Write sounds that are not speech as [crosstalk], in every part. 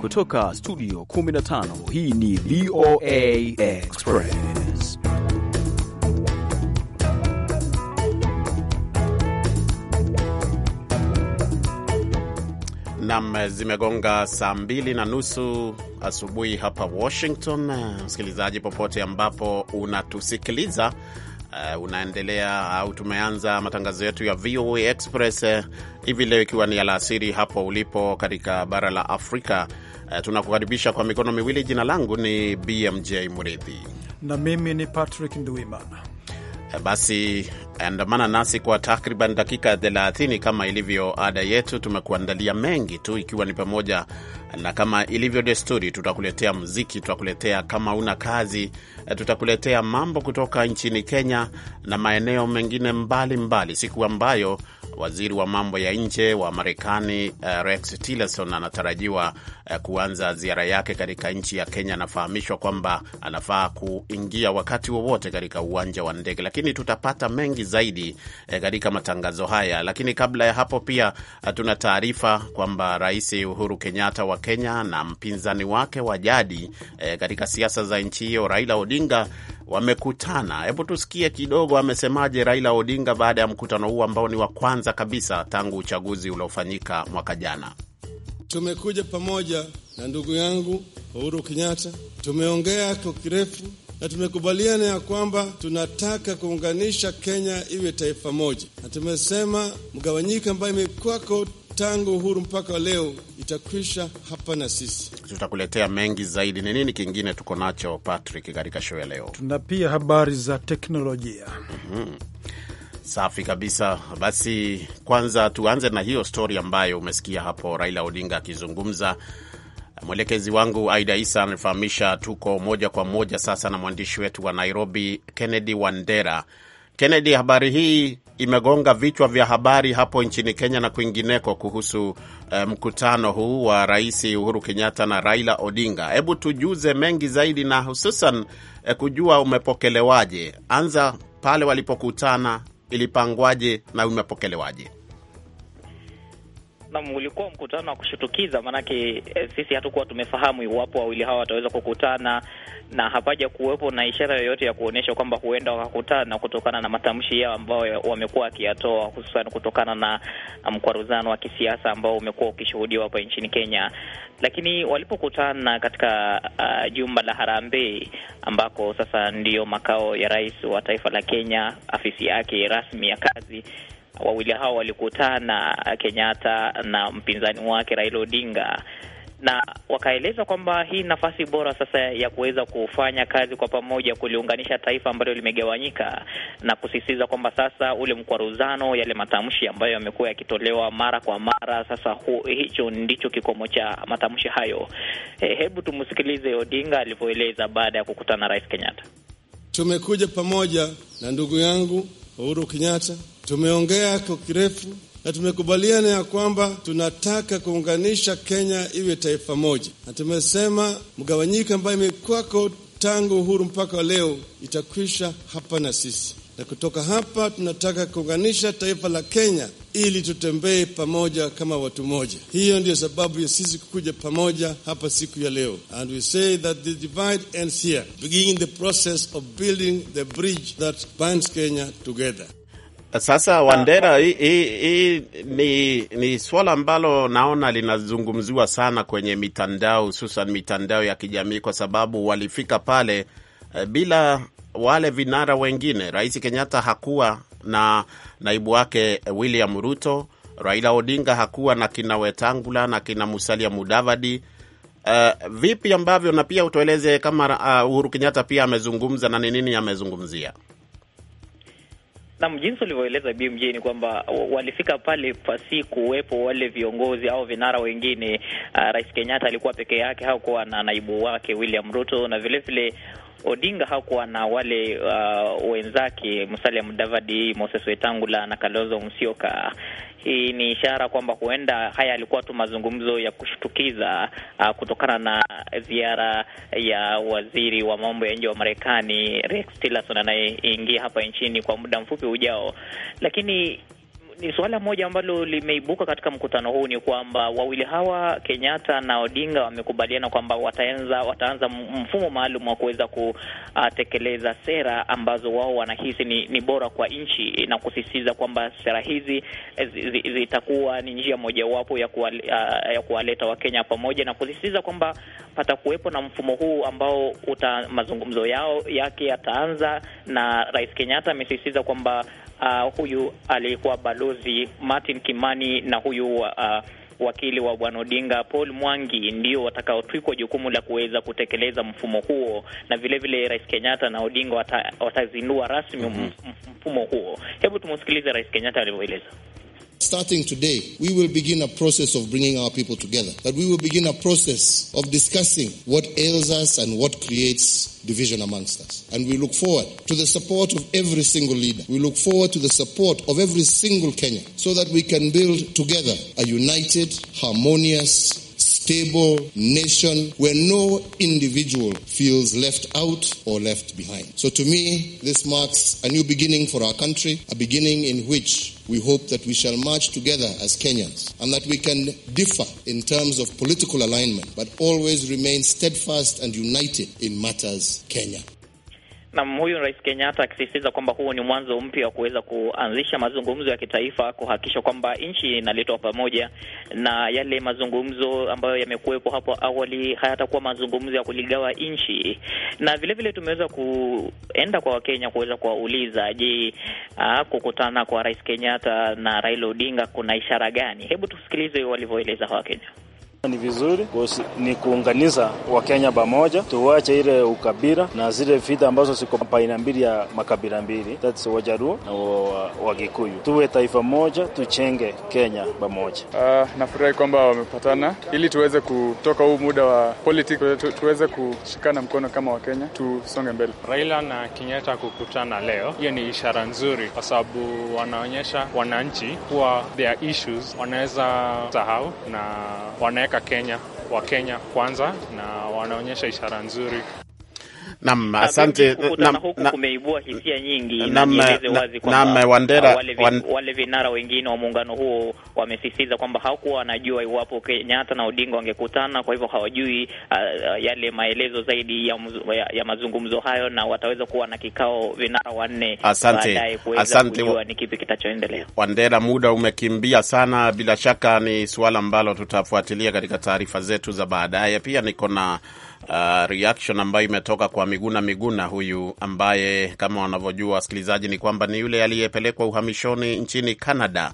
Kutoka studio 15 hii ni VOA Express. Nam, zimegonga saa mbili na nusu asubuhi hapa Washington. Msikilizaji popote ambapo unatusikiliza Uh, unaendelea au uh, tumeanza matangazo yetu ya VOA Express eh, hivi uh, leo ikiwa ni alasiri hapo ulipo katika bara la Afrika Uh, tunakukaribisha kwa mikono miwili. Jina langu ni BMJ Mridhi na mimi ni Patrick Nduimana. Eh, basi andamana nasi kwa takriban dakika 30 kama ilivyo ada yetu. Tumekuandalia mengi tu, ikiwa ni pamoja na kama ilivyo desturi, tutakuletea muziki, tutakuletea kama una kazi, eh, tutakuletea mambo kutoka nchini Kenya na maeneo mengine mbalimbali mbali, siku ambayo Waziri wa mambo ya nje wa Marekani uh, Rex Tillerson anatarajiwa uh, kuanza ziara yake katika nchi ya Kenya. Anafahamishwa kwamba anafaa kuingia wakati wowote katika uwanja wa ndege, lakini tutapata mengi zaidi uh, katika matangazo haya. Lakini kabla ya hapo pia uh, tuna taarifa kwamba Rais Uhuru Kenyatta wa Kenya na mpinzani wake wa jadi uh, katika siasa za nchi hiyo Raila Odinga wamekutana. Hebu tusikie kidogo amesemaje Raila Odinga baada ya mkutano huu ambao ni wa kwanza kabisa tangu uchaguzi uliofanyika mwaka jana. Tumekuja pamoja na ndugu yangu Uhuru Kenyatta, tumeongea kwa kirefu na tumekubaliana ya kwamba tunataka kuunganisha Kenya iwe taifa moja, na tumesema mgawanyiko ambayo imekuwako tangu uhuru mpaka leo itakwisha hapa na sisi. Tutakuletea mengi zaidi. Ni nini kingine tuko nacho Patrick katika show ya leo? Tuna pia habari za teknolojia. mm -hmm. Safi kabisa. Basi kwanza tuanze na hiyo stori ambayo umesikia hapo Raila Odinga akizungumza Mwelekezi wangu Aida Isa anafahamisha. Tuko moja kwa moja sasa na mwandishi wetu wa Nairobi, Kennedy Wandera. Kennedy, habari hii imegonga vichwa vya habari hapo nchini Kenya na kwingineko kuhusu eh, mkutano huu wa Rais Uhuru Kenyatta na Raila Odinga. Hebu tujuze mengi zaidi na hususan eh, kujua umepokelewaje. Anza pale walipokutana, ilipangwaje na umepokelewaje? Naam, ulikuwa mkutano wa kushutukiza maanake, eh, sisi hatukuwa tumefahamu iwapo wawili hawa wataweza kukutana na hapaja kuwepo na ishara yoyote ya kuonyesha kwamba huenda wakakutana, kutokana na matamshi yao ambayo wamekuwa wakiyatoa, hususan kutokana na mkwaruzano wa kisiasa ambao umekuwa ukishuhudiwa hapa nchini Kenya. Lakini walipokutana katika uh, jumba la Harambee ambako sasa ndiyo makao ya rais wa taifa la Kenya, afisi yake rasmi ya kazi wawili hao walikutana Kenyatta na mpinzani wake Raila Odinga na wakaeleza kwamba hii nafasi bora sasa ya kuweza kufanya kazi kwa pamoja, kuliunganisha taifa ambalo limegawanyika, na kusisitiza kwamba sasa ule mkwaruzano, yale matamshi ambayo yamekuwa yakitolewa mara kwa mara, sasa hu, hicho ndicho kikomo cha matamshi hayo. He, hebu tumsikilize Odinga alivyoeleza baada ya kukutana na Rais Kenyatta. Tumekuja pamoja na ndugu yangu Uhuru Kenyatta Tumeongea kwa kirefu na tumekubaliana ya kwamba tunataka kuunganisha Kenya iwe taifa moja, na tumesema mgawanyiko ambayo imekwako tangu uhuru mpaka leo itakwisha hapa na sisi, na kutoka hapa tunataka kuunganisha taifa la Kenya ili tutembee pamoja kama watu moja. Hiyo ndiyo sababu ya sisi kukuja pamoja hapa siku ya leo, and we say that the divide ends here beginning the process of building the bridge that binds Kenya together. Sasa ah, Wandera, ah. hii ni, ni swala ambalo naona linazungumziwa sana kwenye mitandao, hususan mitandao ya kijamii, kwa sababu walifika pale eh, bila wale vinara wengine. Rais Kenyatta hakuwa na naibu wake eh, William Ruto, Raila Odinga hakuwa na kina Wetangula na kina Musalia Mudavadi. Uh, vipi ambavyo na pia utueleze kama uh, Uhuru Kenyatta pia amezungumza na ni nini amezungumzia? Nam, jinsi ulivyoeleza BMJ ni kwamba walifika pale pasi kuwepo wale viongozi au vinara wengine. Uh, Rais Kenyatta alikuwa peke yake, hakuwa na naibu wake William Ruto, na vilevile Odinga hakuwa na wale uh, wenzake Musalia Mudavadi, Moses Wetangula na Kalonzo Musyoka. Hii ni ishara kwamba huenda haya yalikuwa tu mazungumzo ya kushtukiza uh, kutokana na ziara ya waziri wa mambo ya nje wa Marekani Rex Tillerson anayeingia hapa nchini kwa muda mfupi ujao, lakini ni suala moja ambalo limeibuka katika mkutano huu ni kwamba wawili hawa Kenyatta na Odinga wamekubaliana kwamba wataanza wataanza mfumo maalum wa kuweza kutekeleza sera ambazo wao wanahisi ni, ni bora kwa nchi na kusisitiza kwamba sera hizi eh, zitakuwa ni njia mojawapo ah, ya kuwaleta Wakenya pamoja na kusisitiza kwamba patakuwepo na mfumo huu ambao uta mazungumzo yao yake yataanza na Rais Kenyatta amesisitiza kwamba uh, huyu aliyekuwa balozi Martin Kimani na huyu uh, wakili wa bwana Odinga Paul Mwangi ndio watakaotwikwa jukumu la kuweza kutekeleza mfumo huo, na vilevile vile Rais Kenyatta na Odinga wata, watazindua rasmi mhm. mfumo huo. Hebu tumsikilize Rais Kenyatta alivyoeleza. starting today, we will begin a process of bringing our people together. That we will begin a process of discussing what ails us and what creates division amongst us. And we look forward to the support of every single leader. We look forward to the support of every single Kenyan so that we can build together a united, harmonious, stable nation where no individual feels left out or left behind. So to me, this marks a new beginning for our country, a beginning in which we hope that we shall march together as Kenyans and that we can differ in terms of political alignment, but always remain steadfast and united in matters Kenya. Na huyu Rais Kenyatta akisisitiza kwamba huo ni mwanzo mpya wa kuweza kuanzisha mazungumzo ya kitaifa kuhakikisha kwamba nchi inaletwa pamoja, na yale mazungumzo ambayo yamekuwepo hapo awali hayatakuwa mazungumzo ya kuligawa nchi. Na vile vile tumeweza kuenda kwa Wakenya kuweza kuwauliza, je, ah, kukutana kwa Rais Kenyatta na Raila Odinga kuna ishara gani? Hebu tusikilize walivyoeleza Wakenya. Ni vizuri ni kuunganisha Wakenya pamoja, tuwache ile ukabila na zile vita ambazo ziko baina mbili ya makabila mbili, that's Wajaruo na Wagikuyu. Tuwe taifa moja, tuchenge Kenya pamoja. Uh, nafurahi kwamba wamepatana ili tuweze kutoka huu muda wa politics, tuweze kushikana mkono kama Wakenya, tusonge mbele. Raila na Kenyatta kukutana leo, hiyo ni ishara nzuri, kwa sababu wanaonyesha wananchi kuwa their issues wanaweza sahau na wana wameweka Kenya wa Kenya kwanza na wanaonyesha ishara nzuri. Nam, asante. Nam, huku kumeibua hisia nyingi, na nieleze wazi kwamba wale, wan... wale vinara wengine wa muungano huo wamesisitiza kwamba hawakuwa wanajua iwapo Kenyatta na Odinga wangekutana, kwa hivyo hawajui uh, uh yale maelezo zaidi ya, ya, ya mazungumzo hayo, na wataweza kuwa na kikao vinara wanne baadaye kuweza kujua ni kipi kitachoendelea. Wandera, muda umekimbia sana, bila shaka ni suala ambalo tutafuatilia katika taarifa zetu za baadaye. Pia niko na uh, reaction ambayo imetoka kwa Miguna Miguna huyu ambaye kama wanavyojua wasikilizaji ni kwamba ni yule aliyepelekwa uhamishoni nchini Canada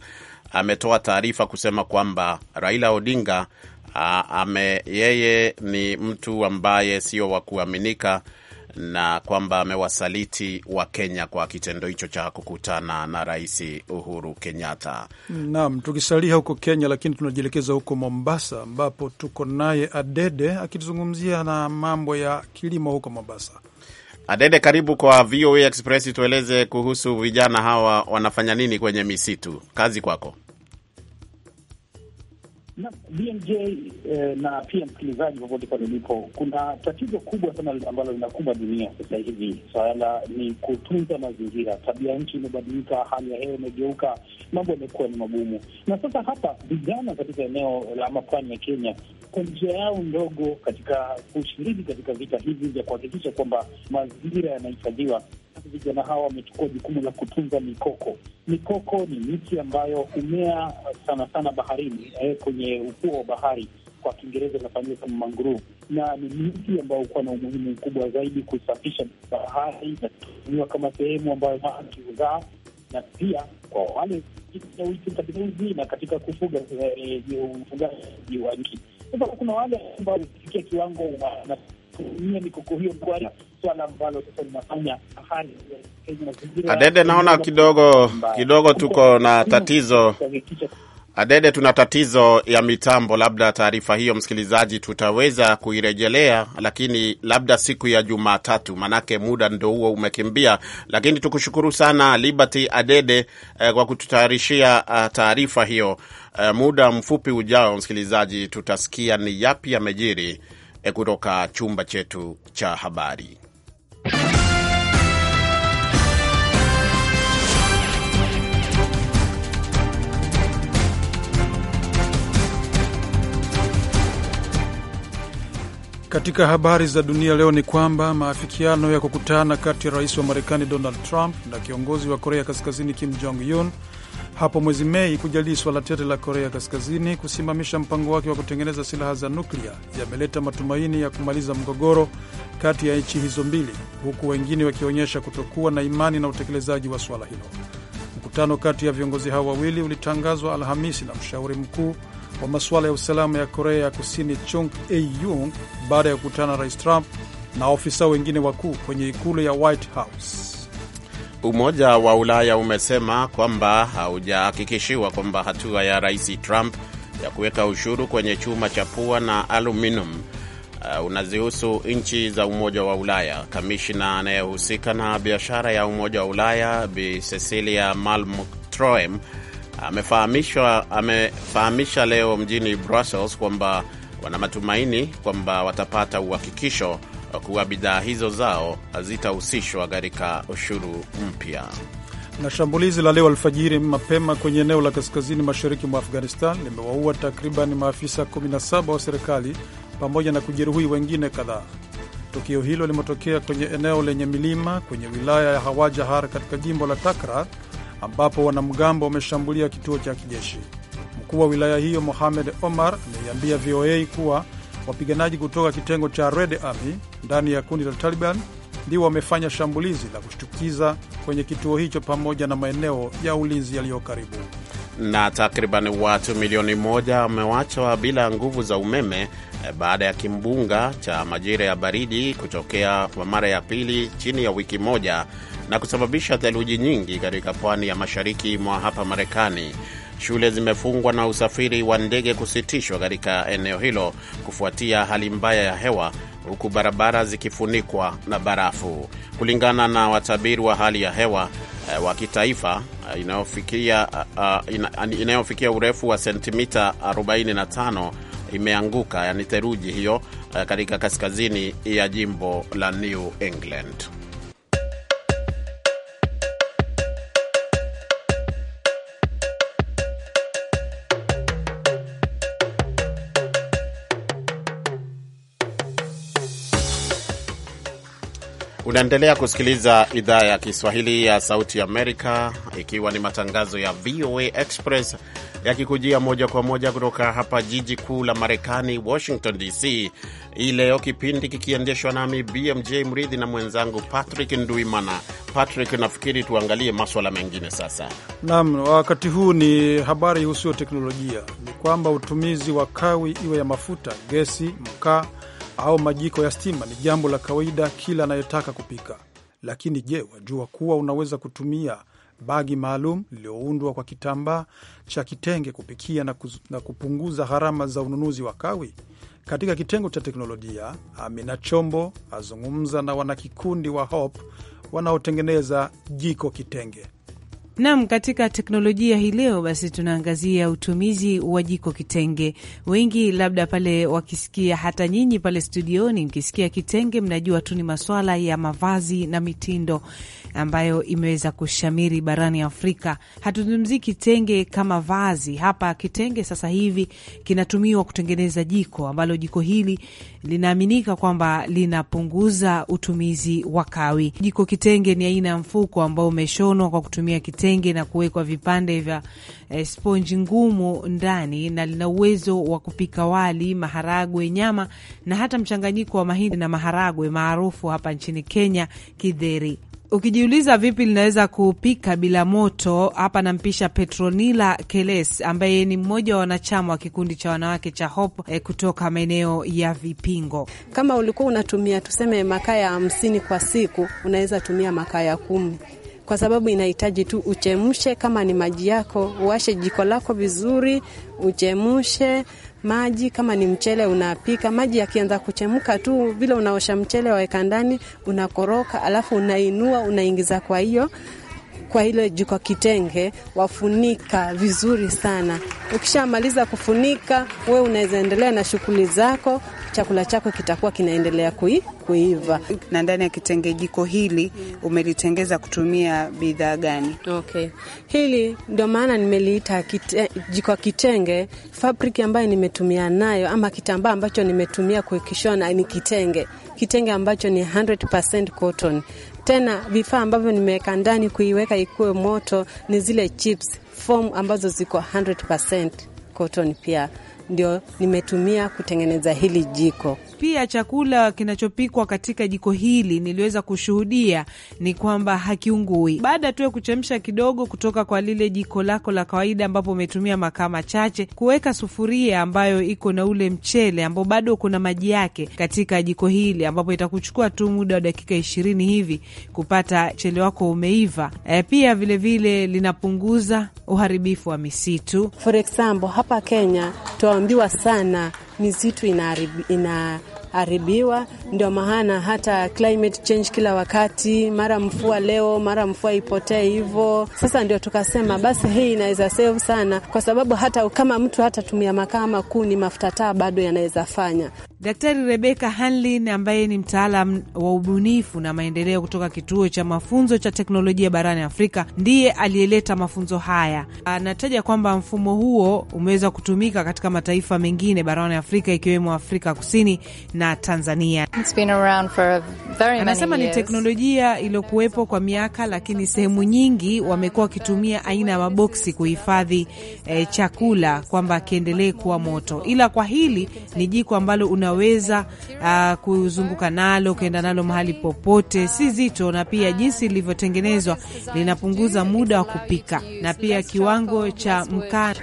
ametoa taarifa kusema kwamba Raila Odinga uh, ame, yeye ni mtu ambaye sio wa kuaminika na kwamba amewasaliti wa kenya kwa kitendo hicho cha kukutana na Rais Uhuru Kenyatta. Naam, tukisalia huko Kenya, lakini tunajielekeza huko Mombasa ambapo tuko naye Adede akizungumzia na mambo ya kilimo huko Mombasa. Adede, karibu kwa VOA Express. Tueleze kuhusu vijana hawa wanafanya nini kwenye misitu. Kazi kwako na BMJ eh, na pia msikilizaji popote pale ulipo, kuna tatizo kubwa sana ambalo linakumba dunia sasa hivi. Swala ni kutunza mazingira. Tabia nchi imebadilika, hali ya hewa imegeuka, mambo yamekuwa ni magumu. Na sasa hapa vijana katika eneo la mapwani ya Kenya kwa njia yao ndogo katika kushiriki katika vita hivi vya kuhakikisha kwamba mazingira yanahifadhiwa. Vijana hawa wamechukua jukumu la kutunza mikoko. Mikoko ni miti ambayo humea sana sana baharini, eh, kwenye ufuo wa bahari kwa Kiingereza inafahamika kama mangrove, na ni miti ambayo hukuwa na umuhimu mkubwa zaidi kusafisha bahari na kutumiwa kama sehemu ambayo maji huzaa na pia kwa wale katika utambuzi na katika kufuga eh, ufugaji wa nchi sasa kuna wale ambao walifikia kiwango wanatumia mikoko hiyo mkwari, swala ambalo sasa linafanya Adede, naona kidogo kidogo tuko na tatizo Adede, tuna tatizo ya mitambo, labda taarifa hiyo msikilizaji tutaweza kuirejelea, lakini labda siku ya Jumatatu, manake muda ndo huo umekimbia. Lakini tukushukuru sana Liberty Adede eh, kwa kututayarishia eh, taarifa hiyo. Eh, muda mfupi ujao, msikilizaji, tutasikia ni yapi yamejiri eh, kutoka chumba chetu cha habari. Katika habari za dunia leo ni kwamba maafikiano ya kukutana kati ya rais wa Marekani Donald Trump na kiongozi wa Korea Kaskazini Kim Jong Un hapo mwezi Mei kujadili swala tete la Korea Kaskazini kusimamisha mpango wake wa kutengeneza silaha za nuklia yameleta matumaini ya kumaliza mgogoro kati ya nchi hizo mbili, huku wengine wakionyesha kutokuwa na imani na utekelezaji wa swala hilo. Mkutano kati ya viongozi hao wawili ulitangazwa Alhamisi na mshauri mkuu wa masuala ya usalama ya Korea ya Kusini Chung eung baada ya kukutana na Rais Trump na ofisa wengine wakuu kwenye ikulu ya White House. Umoja wa Ulaya umesema kwamba haujahakikishiwa kwamba hatua ya Rais Trump ya kuweka ushuru kwenye chuma cha pua na aluminium uh, unazihusu nchi za Umoja wa Ulaya. Kamishna anayehusika na biashara ya Umoja wa Ulaya Bi Cecilia Malmström amefahamisha leo mjini Brussels kwamba wana matumaini kwamba watapata uhakikisho kuwa bidhaa hizo zao zitahusishwa katika ushuru mpya. Na shambulizi la leo alfajiri mapema kwenye eneo la kaskazini mashariki mwa Afghanistan limewaua takriban maafisa 17 wa serikali pamoja na kujeruhi wengine kadhaa. Tukio hilo limetokea kwenye eneo lenye milima kwenye wilaya ya Hawajahar katika jimbo la Takra ambapo wanamgambo wameshambulia kituo cha kijeshi. Mkuu wa wilaya hiyo Mohamed Omar ameiambia VOA kuwa wapiganaji kutoka kitengo cha Red Army ndani ya kundi la Taliban ndio wamefanya shambulizi la kushtukiza kwenye kituo hicho pamoja na maeneo ya ulinzi yaliyo karibu. Na takriban watu milioni moja wamewachwa bila nguvu za umeme eh, baada ya kimbunga cha majira ya baridi kutokea kwa mara ya pili chini ya wiki moja na kusababisha theluji nyingi katika pwani ya mashariki mwa hapa Marekani. Shule zimefungwa na usafiri wa ndege kusitishwa katika eneo hilo kufuatia hali mbaya ya hewa, huku barabara zikifunikwa na barafu. Kulingana na watabiri wa hali ya hewa eh, wa kitaifa eh, inayofikia uh, inayofikia urefu wa sentimita 45 imeanguka, yani theluji hiyo, uh, katika kaskazini ya jimbo la New England. Unaendelea kusikiliza idhaa ya Kiswahili ya Sauti Amerika, ikiwa ni matangazo ya VOA Express yakikujia moja kwa moja kutoka hapa jiji kuu la Marekani, Washington DC. Hii leo kipindi kikiendeshwa nami BMJ Mridhi na mwenzangu Patrick Nduimana. Patrick, nafikiri tuangalie maswala mengine sasa. Naam, wakati huu ni habari ihusuyo teknolojia. Ni kwamba utumizi wa kawi, iwe ya mafuta, gesi, mkaa au majiko ya stima ni jambo la kawaida kila anayetaka kupika. Lakini je, wajua kuwa unaweza kutumia bagi maalum liliyoundwa kwa kitambaa cha kitenge kupikia na, kuz, na kupunguza gharama za ununuzi wa kawi? Katika kitengo cha teknolojia, Amina Chombo azungumza na wanakikundi wa Hope wanaotengeneza jiko kitenge. Nam, katika teknolojia hii leo basi tunaangazia utumizi wa jiko kitenge. Wengi labda pale wakisikia, hata nyinyi pale studioni mkisikia kitenge, mnajua tu ni maswala ya mavazi na mitindo ambayo imeweza kushamiri barani Afrika. Hatuzungumzii kitenge kama vazi hapa. Kitenge sasa hivi kinatumiwa kutengeneza jiko ambalo jiko hili linaaminika kwamba linapunguza utumizi wa kawi. Jiko kitenge ni aina ya mfuko ambao umeshonwa kwa kutumia kitenge kitenge na kuwekwa vipande vya eh, sponji ngumu ndani, na lina uwezo wa kupika wali, maharagwe, nyama na hata mchanganyiko wa mahindi na maharagwe maarufu hapa nchini Kenya, kidheri. Ukijiuliza vipi linaweza kupika bila moto, hapa nampisha Petronila Keles ambaye ni mmoja wa wanachama wa kikundi cha wanawake cha Hope eh, kutoka maeneo ya Vipingo. Kama ulikuwa unatumia tuseme makaa ya hamsini kwa siku, unaweza tumia makaa ya kumi kwa sababu inahitaji tu uchemshe, kama ni maji yako uwashe jiko lako vizuri, uchemshe maji. Kama ni mchele unapika, maji yakianza kuchemka tu, vile unaosha mchele waweka ndani, unakoroka, alafu unainua, unaingiza kwa hiyo kwa ile jiko kitenge wafunika vizuri sana. Ukishamaliza kufunika, we unaweza endelea na shughuli zako, chakula chako kitakuwa kinaendelea kui, kuiva. Na ndani ya kitenge jiko hili umelitengeza kutumia bidhaa gani? Okay, hili ndio maana nimeliita kite, jiko kitenge. Fabriki ambayo nimetumia nayo ama kitambaa ambacho nimetumia kukishona ni kitenge, kitenge ambacho ni 100% cotton tena vifaa ambavyo nimeweka ndani kuiweka ikuwe moto ni zile chips fomu ambazo ziko 100% cotton pia ndio nimetumia kutengeneza hili jiko. Pia chakula kinachopikwa katika jiko hili niliweza kushuhudia ni kwamba hakiungui. Baada tu ya kuchemsha kidogo kutoka kwa lile jiko lako la kawaida, ambapo umetumia makaa machache, kuweka sufuria ambayo iko na ule mchele ambao bado kuna maji yake katika jiko hili, ambapo itakuchukua tu muda wa dakika ishirini hivi kupata mchele wako umeiva. E, pia vilevile vile linapunguza uharibifu wa misitu. For example, hapa Kenya tunaambiwa sana misitu inaharibiwa. Ndio maana hata climate change kila wakati, mara mfua leo, mara mfua ipotee hivyo. Sasa ndio tukasema basi hii inaweza save sana, kwa sababu hata kama mtu hata tumia makaa makuu, ni mafuta taa bado yanaweza fanya Daktari Rebeka Hanlin ambaye ni mtaalam wa ubunifu na maendeleo kutoka kituo cha mafunzo cha teknolojia barani Afrika ndiye aliyeleta mafunzo haya. Anataja kwamba mfumo huo umeweza kutumika katika mataifa mengine barani Afrika ikiwemo Afrika Kusini na Tanzania. Anasema ni teknolojia iliyokuwepo kwa miaka, lakini sehemu nyingi wamekuwa wakitumia aina ya maboksi kuhifadhi eh, chakula kwamba akiendelee kuwa moto, ila kwa hili ni jiko ambalo una unaweza uh, kuzunguka nalo ukaenda nalo mahali popote, si zito, na pia jinsi lilivyotengenezwa linapunguza muda wa kupika na pia kiwango cha mkaa.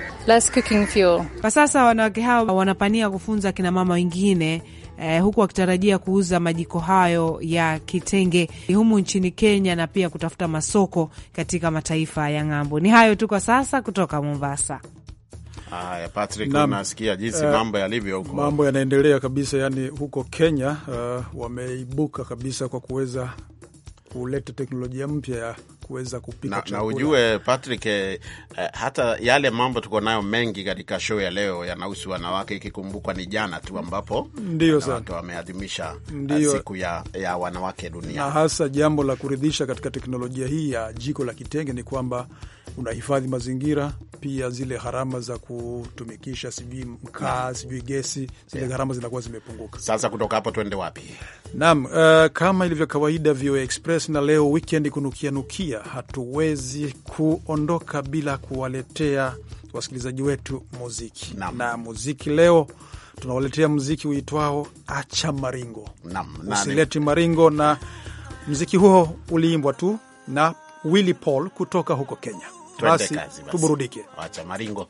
Kwa sasa wanawake hao wanapania kufunza kina mama wengine eh, huku wakitarajia kuuza majiko hayo ya kitenge humu nchini Kenya na pia kutafuta masoko katika mataifa ya ng'ambo. Ni hayo tu kwa sasa kutoka Mombasa. Haya, Patrick, unasikia jinsi eh, mambo yalivyo huko, mambo yanaendelea kabisa, yani huko Kenya uh, wameibuka kabisa kwa kuweza kuleta teknolojia mpya ya kuweza kupika na, na ujue Patrick eh, eh, hata yale mambo tuko nayo mengi katika show ya leo yanahusu wanawake, ikikumbukwa ni jana tu ambapo ndio wanawake wameadhimisha siku ya, ya wanawake dunia, na hasa jambo la kuridhisha katika teknolojia hii ya jiko la kitenge ni kwamba unahifadhi mazingira pia, zile gharama za kutumikisha sijui mkaa sijui gesi zile yeah, gharama zinakuwa zimepunguka. Sasa kutoka hapo tuende wapi? Naam, uh, kama ilivyo kawaida VOA Express na leo kunukia nukia, hatuwezi kuondoka bila kuwaletea wasikilizaji wetu muziki na, na muziki leo tunawaletea muziki uitwao acha maringo usileti maringo, na mziki huo uliimbwa tu na Willy Paul kutoka huko Kenya basi tuburudike. Acha maringo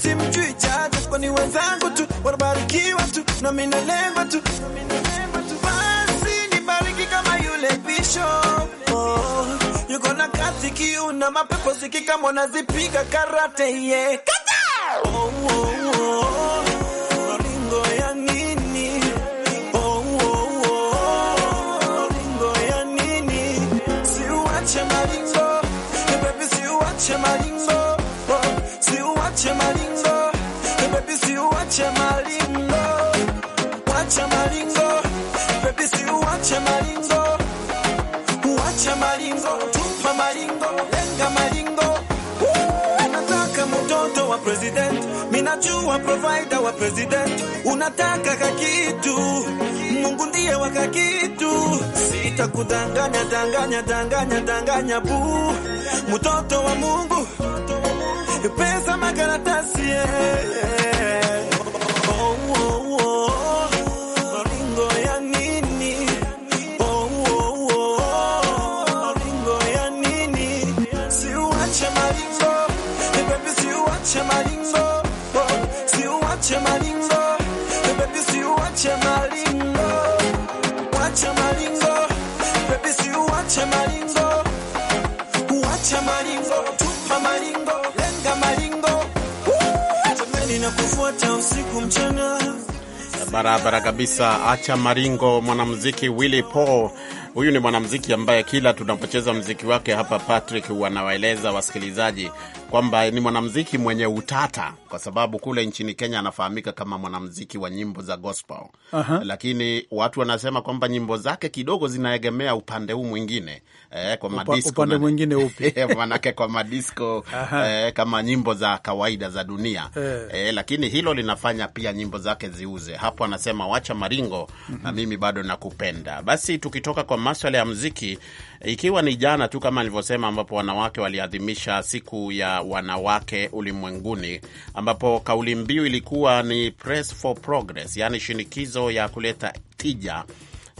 Simjui jaja ni wenzangu tu wanabarikiwa tu na mimi nalengwa tu kiuna mapepo zikikamwa na zipiga karate ye yeah. Kata! baby, siuache maringo. Oh, president, minajua provider wa president. Unataka kakitu, Mungu ndiye wa kakitu. Sitakudanganya, danganya, danganya, danganya bu, mtoto wa Mungu, pesa makaratasi yeah. ninakufuata usiku mchana barabara kabisa. Acha maringo, mwanamziki Willy Paul. Huyu ni mwanamziki ambaye kila tunapocheza mziki wake hapa Patrick, wanawaeleza wasikilizaji kwamba ni mwanamziki mwenye utata kwa sababu kule nchini Kenya anafahamika kama mwanamziki wa nyimbo za gospel. Uh -huh. Lakini watu wanasema kwamba nyimbo zake kidogo zinaegemea upande huu mwingine eh, kwa madisco upande mwingine upi? [laughs] Manake kwa madisco uh -huh. eh, kama nyimbo za kawaida za dunia uh eh. -huh. eh, lakini hilo linafanya pia nyimbo zake ziuze. Hapo anasema wacha maringo uh -huh. na mm-hmm. mimi bado nakupenda. Basi tukitoka kwa maswala ya mziki, ikiwa ni jana tu kama alivyosema, ambapo wanawake waliadhimisha siku ya wanawake ulimwenguni, ambapo kauli mbiu ilikuwa ni Press for Progress, yaani shinikizo ya kuleta tija.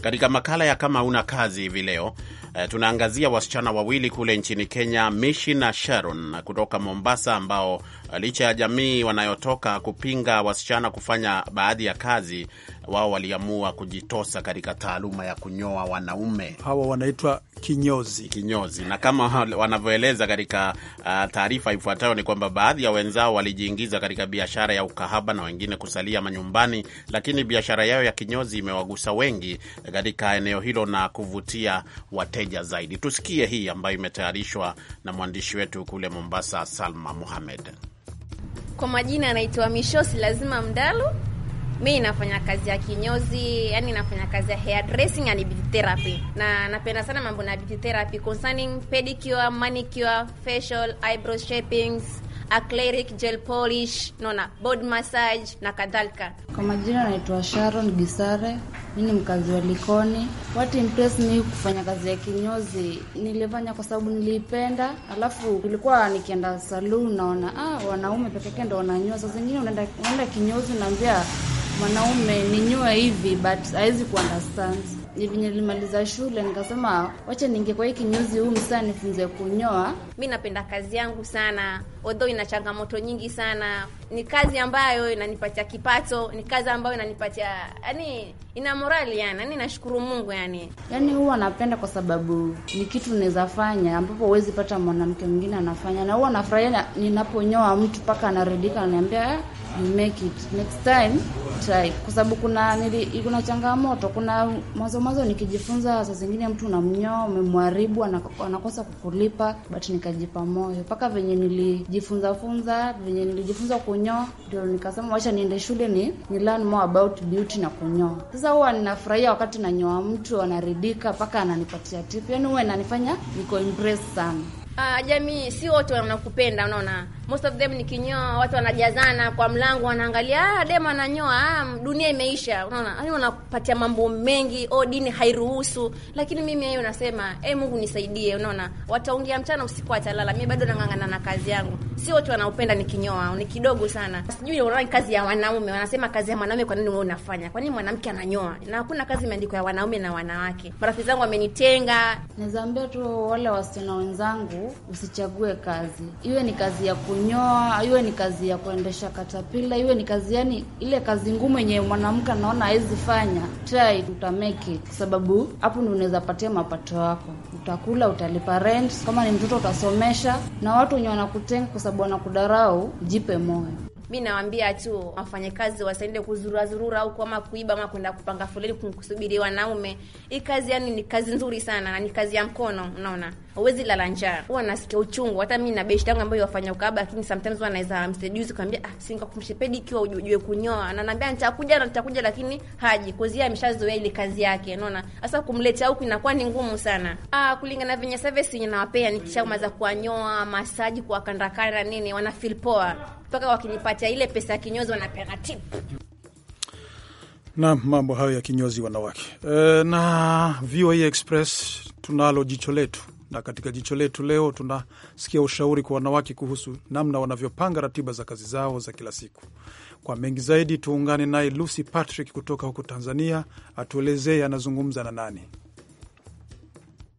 Katika makala ya kama una kazi hivi leo Eh, tunaangazia wasichana wawili kule nchini Kenya, Mishi na Sharon kutoka Mombasa, ambao eh, licha ya jamii wanayotoka kupinga wasichana kufanya baadhi ya kazi, wao waliamua kujitosa katika taaluma ya kunyoa wanaume. Hawa wanaitwa kinyozi, kinyozi. Na kama wanavyoeleza katika uh, taarifa ifuatayo ni kwamba baadhi ya wenzao walijiingiza katika biashara ya ukahaba na wengine kusalia manyumbani, lakini biashara yao ya kinyozi imewagusa wengi katika eneo hilo na kuvutia wate wateja zaidi. Tusikie hii ambayo imetayarishwa na mwandishi wetu kule Mombasa, Salma Muhamed. Kwa majina anaitwa Mishosi Lazima Mdalu. Mi nafanya kazi ya kinyozi, yani nafanya kazi ya and beauty therapy, na napenda sana mambo na beauty therapy concerning pedicure, manicure, facial, eyebrow shapings acrylic gel polish, naona body massage na kadhalika. Kwa majina naitwa Sharon Gisare, mimi ni mkazi wa Likoni. What impressed me kufanya kazi ya kinyozi, nilifanya kwa sababu niliipenda, alafu ilikuwa nikienda saloon naona ah, wanaume peke yake ndio wananyoa. Saa zingine unaenda unaenda kinyozi naambia mwanaume ninyoe hivi but haizi kuunderstand ni nilimaliza shule nikasema, wacha ninge kwa hii kinyozi huu msaa nifunze kunyoa. Mi napenda kazi yangu sana, odho ina changamoto nyingi sana. Ni kazi ambayo inanipatia kipato, ni kazi ambayo inanipatia yani, ina morali yani, yani nashukuru Mungu yani. Yani huwa napenda kwa sababu ni kitu naweza fanya ambapo huwezi pata mwanamke mwingine anafanya, na huwa nafurahia ninaponyoa mtu mpaka anaridika, ananiambia eh, make it next time try, kwa sababu kuna nili, kuna changamoto, kuna mwanzo mwanzo nikijifunza, saa zingine mtu unamnyoa, umemharibu, anakosa kukulipa, but nikajipa moyo mpaka venye nilijifunza funza, venye nilijifunza kunyoa, ndio nikasema wacha niende shule ni, ni learn more about beauty na kunyoa. Sasa huwa ninafurahia wakati nanyoa mtu anaridika, mpaka ananipatia tip, yani huwa inanifanya niko impress sana. Uh, jamii si wote wanakupenda, unaona most of them nikinyoa, watu wanajazana kwa mlango, wanaangalia ah, dem ananyoa, ah, dunia imeisha. Unaona, yani wanapatia mambo mengi, oh, dini hairuhusu. Lakini mimi hiyo nasema eh, Mungu nisaidie. Unaona, wataongea mchana, usiku watalala, mimi bado nang'ang'ana na kazi yangu. Si watu wanaopenda nikinyoa, ni kidogo sana. Sijui unaona kazi ya wanaume, wanasema kazi ya mwanaume, kwa nini wewe unafanya? Kwa nini mwanamke ananyoa? Na hakuna kazi imeandikwa ya wanaume na wanawake. Marafiki zangu wamenitenga. Nazaambia tu wale wasichana wenzangu, usichague kazi, iwe ni kazi ya kuni kunyoa, iwe ni kazi ya kuendesha katapila, iwe ni kazi yani ile kazi ngumu yenye mwanamke anaona hawezi fanya, try make it, sababu hapo ndio unaweza patia mapato yako. Utakula, utalipa rent, kama ni mtoto utasomesha, na watu wenye wanakutenga kwa sababu wanakudarau, jipe moyo. Mi nawaambia tu wafanyakazi wasaende kuzurura zurura huko ama kuiba ama kwenda kupanga foleni kusubiri wanaume. Hii kazi yani ni kazi nzuri sana na ni kazi ya mkono, unaona Huwezi lala njaa. Huwa nasikia uchungu. Hata mimi na beshte yangu ambayo wafanya ukaba, lakini sometimes huwa naweza msaidizi kwambia ah, si nikakumishe pedi ikiwa ujue kunyoa. Na naambia nitakuja na nitakuja, lakini haji. Kozi yeye ameshazoea ile kazi yake. Unaona? Sasa kumletea huku inakuwa ni ngumu sana. Ah, kulingana na venye service yenye ninawapea nikishamaliza kuwanyoa, masaji, kuwakandakanda nini, wana feel poa. Mpaka wakinipatia ile pesa ya kinyozi wanapeana tip. Na mambo hayo ya kinyozi wanawake. E, na VOA Express tunalo jicho letu na katika jicho letu leo tunasikia ushauri kwa wanawake kuhusu namna wanavyopanga ratiba za kazi zao za kila siku. Kwa mengi zaidi, tuungane naye Lucy Patrick kutoka huko Tanzania, atuelezee anazungumza na nani.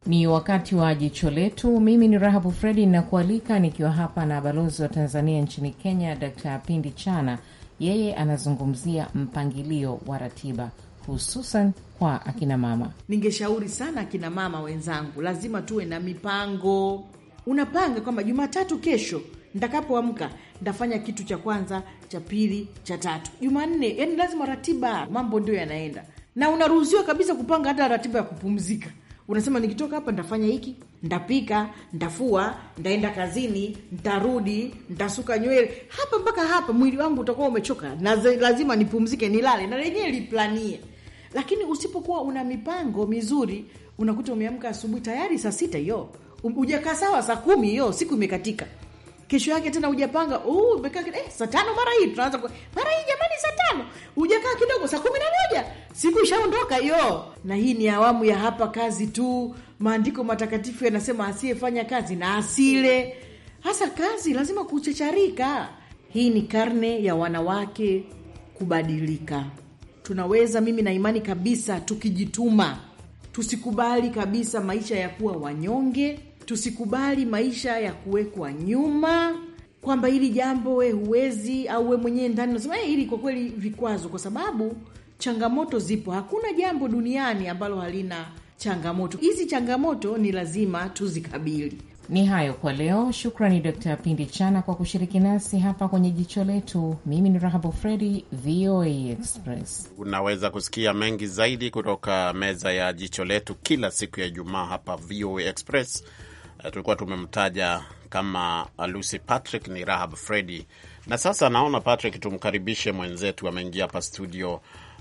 Ni wakati wa jicho letu. Mimi ni Rahabu Fredi nakualika nikiwa hapa na balozi wa Tanzania nchini Kenya, Dkt Pindi Chana. Yeye anazungumzia mpangilio wa ratiba hususan kwa akina mama. Ningeshauri sana akina mama wenzangu, lazima tuwe na mipango. Unapanga kwamba Jumatatu kesho ntakapoamka ntafanya kitu cha kwanza, cha pili, cha tatu. Jumanne, yani lazima ratiba, mambo ndio yanaenda, na unaruhusiwa kabisa kupanga hata ratiba ya kupumzika. Unasema nikitoka hapa ntafanya hiki, ntapika, ntafua, ntaenda kazini, ntarudi, ntasuka nywele, hapa mpaka hapa. Mwili wangu utakuwa umechoka na lazima nipumzike, nilale, na lenyewe liplanie lakini usipokuwa una mipango mizuri, unakuta umeamka asubuhi tayari saa sita hiyo, um, ujakaa sawa saa kumi hiyo siku imekatika. Kesho yake tena ujapanga, uh, umekaa eh, saa tano mara hii tunaanza kwa mara hii jamani, saa tano ujakaa kidogo, saa kumi na moja siku ishaondoka hiyo. Na hii ni awamu ya hapa kazi tu. Maandiko matakatifu yanasema asiyefanya kazi na asile. Hasa kazi lazima kuchecharika. Hii ni karne ya wanawake kubadilika tunaweza, mimi na imani kabisa, tukijituma. Tusikubali kabisa maisha ya kuwa wanyonge, tusikubali maisha ya kuwekwa nyuma, kwamba hili jambo we huwezi, au we mwenyewe ndani unasema eh, hili kwa kweli vikwazo, kwa sababu changamoto zipo. Hakuna jambo duniani ambalo halina changamoto. Hizi changamoto ni lazima tuzikabili. Ni hayo kwa leo. Shukrani Dkt Pindi Chana kwa kushiriki nasi hapa kwenye jicho letu. Mimi ni Rahabu Fredi, VOA Express. Unaweza kusikia mengi zaidi kutoka meza ya jicho letu kila siku ya Ijumaa hapa VOA Express. Eh, tulikuwa tumemtaja kama Lucy Patrick, ni Rahab Fredi. Na sasa naona Patrick, tumkaribishe mwenzetu ameingia hapa studio.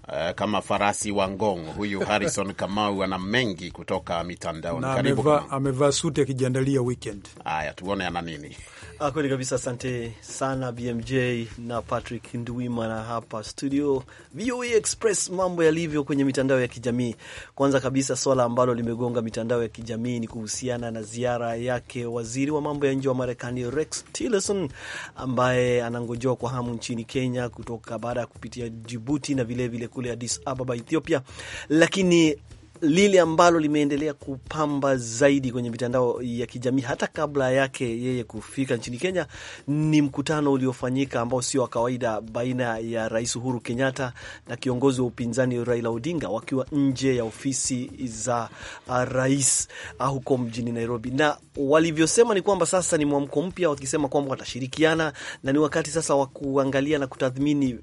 Eh, kama farasi wa ngong. Huyu [laughs] Harrison Kamau ana mengi kutoka mitandaoni. Karibu, amevaa suti akijiandalia weekend. Haya, tuone ana nini. Ah, kweli kabisa, asante sana BMJ na Patrick Nduwimana hapa studio VOA e Express. Mambo yalivyo kwenye mitandao ya kijamii, kwanza kabisa swala ambalo limegonga mitandao ya kijamii ni kuhusiana na ziara yake waziri wa mambo ya nje wa Marekani Rex Tillerson ambaye anangojewa kwa hamu nchini Kenya kutoka baada ya kupitia Jibuti na vilevile vile kule Addis Ababa, Ethiopia, lakini lile ambalo limeendelea kupamba zaidi kwenye mitandao ya kijamii hata kabla yake yeye kufika nchini Kenya ni mkutano uliofanyika ambao sio wa kawaida baina ya Rais Uhuru Kenyatta na kiongozi wa upinzani Raila Odinga wakiwa nje ya ofisi za uh, rais uh, huko mjini Nairobi, na walivyosema ni kwamba sasa ni mwamko mpya, wakisema kwamba watashirikiana na ni wakati sasa wa kuangalia na kutathmini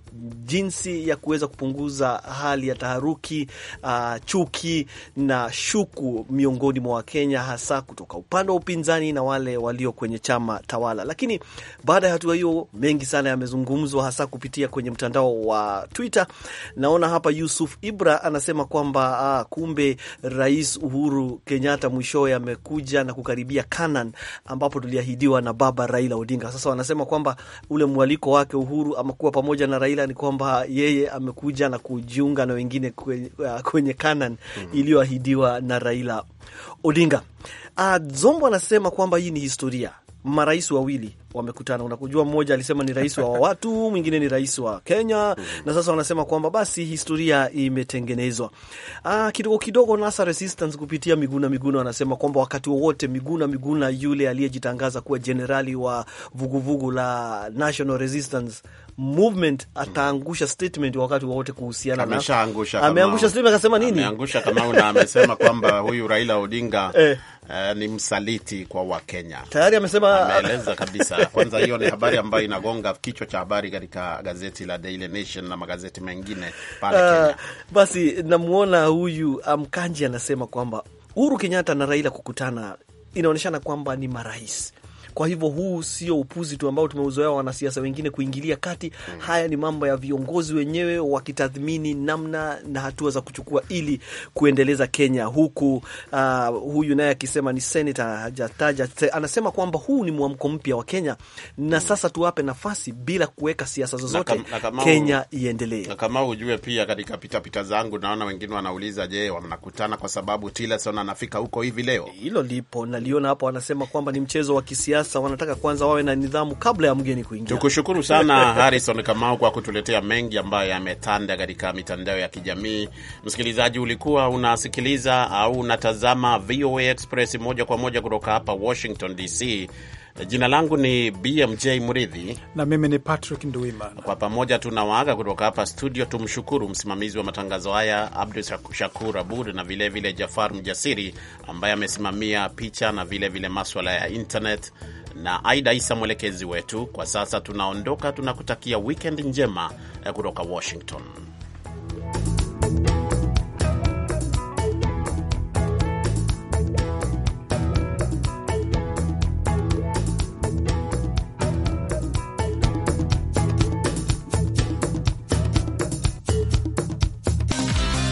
jinsi ya kuweza kupunguza hali ya taharuki, uh, chuki na shuku miongoni mwa Wakenya, hasa kutoka upande wa upinzani na wale walio kwenye chama tawala. Lakini baada ya hatua hiyo, mengi sana yamezungumzwa, hasa kupitia kwenye mtandao wa Twitter. Naona hapa Yusuf Ibra anasema kwamba ah, kumbe Rais Uhuru Kenyatta mwishowe amekuja na kukaribia Canaan ambapo tuliahidiwa na baba Raila Odinga. Sasa wanasema kwamba ule mwaliko wake Uhuru amekuwa pamoja na Raila ni kwamba yeye amekuja na kujiunga na wengine ah, kwenye, kwenye Canaan mm -hmm iliyoahidiwa na Raila Odinga. Ah, Zombo anasema kwamba hii ni historia, marais wawili wamekutana. Unakujua, mmoja alisema ni rais wa [laughs] watu, mwingine ni rais wa Kenya mhm. na sasa wanasema kwamba basi historia imetengenezwa. Ah, kidogo kidogo NASA Resistance kupitia Miguna Miguna wanasema kwamba wakati wowote Miguna Miguna yule aliyejitangaza kuwa jenerali wa vuguvugu vugu la National Resistance Movement ataangusha statement wakati wowote kuhusiana na ameangusha, ameangusha statement akasema nini? Ameangusha kama una amesema kwamba huyu Raila Odinga [laughs] eh, uh, ni msaliti kwa Wakenya tayari amesema, ameeleza kabisa kwanza hiyo ni habari ambayo inagonga kichwa cha habari katika gazeti la Daily Nation na magazeti mengine pale ah, Kenya. Uh, basi namwona huyu Amkanji anasema kwamba Uhuru Kenyatta na Raila kukutana inaonyeshana kwamba ni marais kwa hivyo huu sio upuzi tu ambao tumeuzoea wanasiasa wengine kuingilia kati. Mm. Haya ni mambo ya viongozi wenyewe wakitathmini namna na hatua za kuchukua ili kuendeleza Kenya huku. Uh, huyu naye akisema ni senata hajataja, anasema kwamba huu ni mwamko mpya wa Kenya na mm. sasa tuwape nafasi bila kuweka siasa zozote na kam, na Kenya iendelee. Na kama ujue pia katika pitapita zangu naona wengine wanauliza, je, wanakutana kwa sababu Tillerson anafika huko hivi leo? Hilo lipo naliona hapo, anasema kwamba ni mchezo wa kisiasa sasa wanataka kwanza wawe na nidhamu kabla ya mgeni kuingia. Tukushukuru sana [laughs] Harrison Kamau kwa kutuletea mengi ambayo yametanda katika mitandao ya kijamii. Msikilizaji, ulikuwa unasikiliza au unatazama VOA Express moja kwa moja kutoka hapa Washington DC. Jina langu ni BMJ Mridhi na mimi ni Patrick Nduimana. Kwa pamoja tunawaaga kutoka hapa studio. Tumshukuru msimamizi wa matangazo haya Abdu Shakur Abud na vilevile Jafar Mjasiri ambaye amesimamia picha na vilevile maswala ya internet na Aida Isa mwelekezi wetu. Kwa sasa tunaondoka, tunakutakia wikend njema eh, kutoka Washington.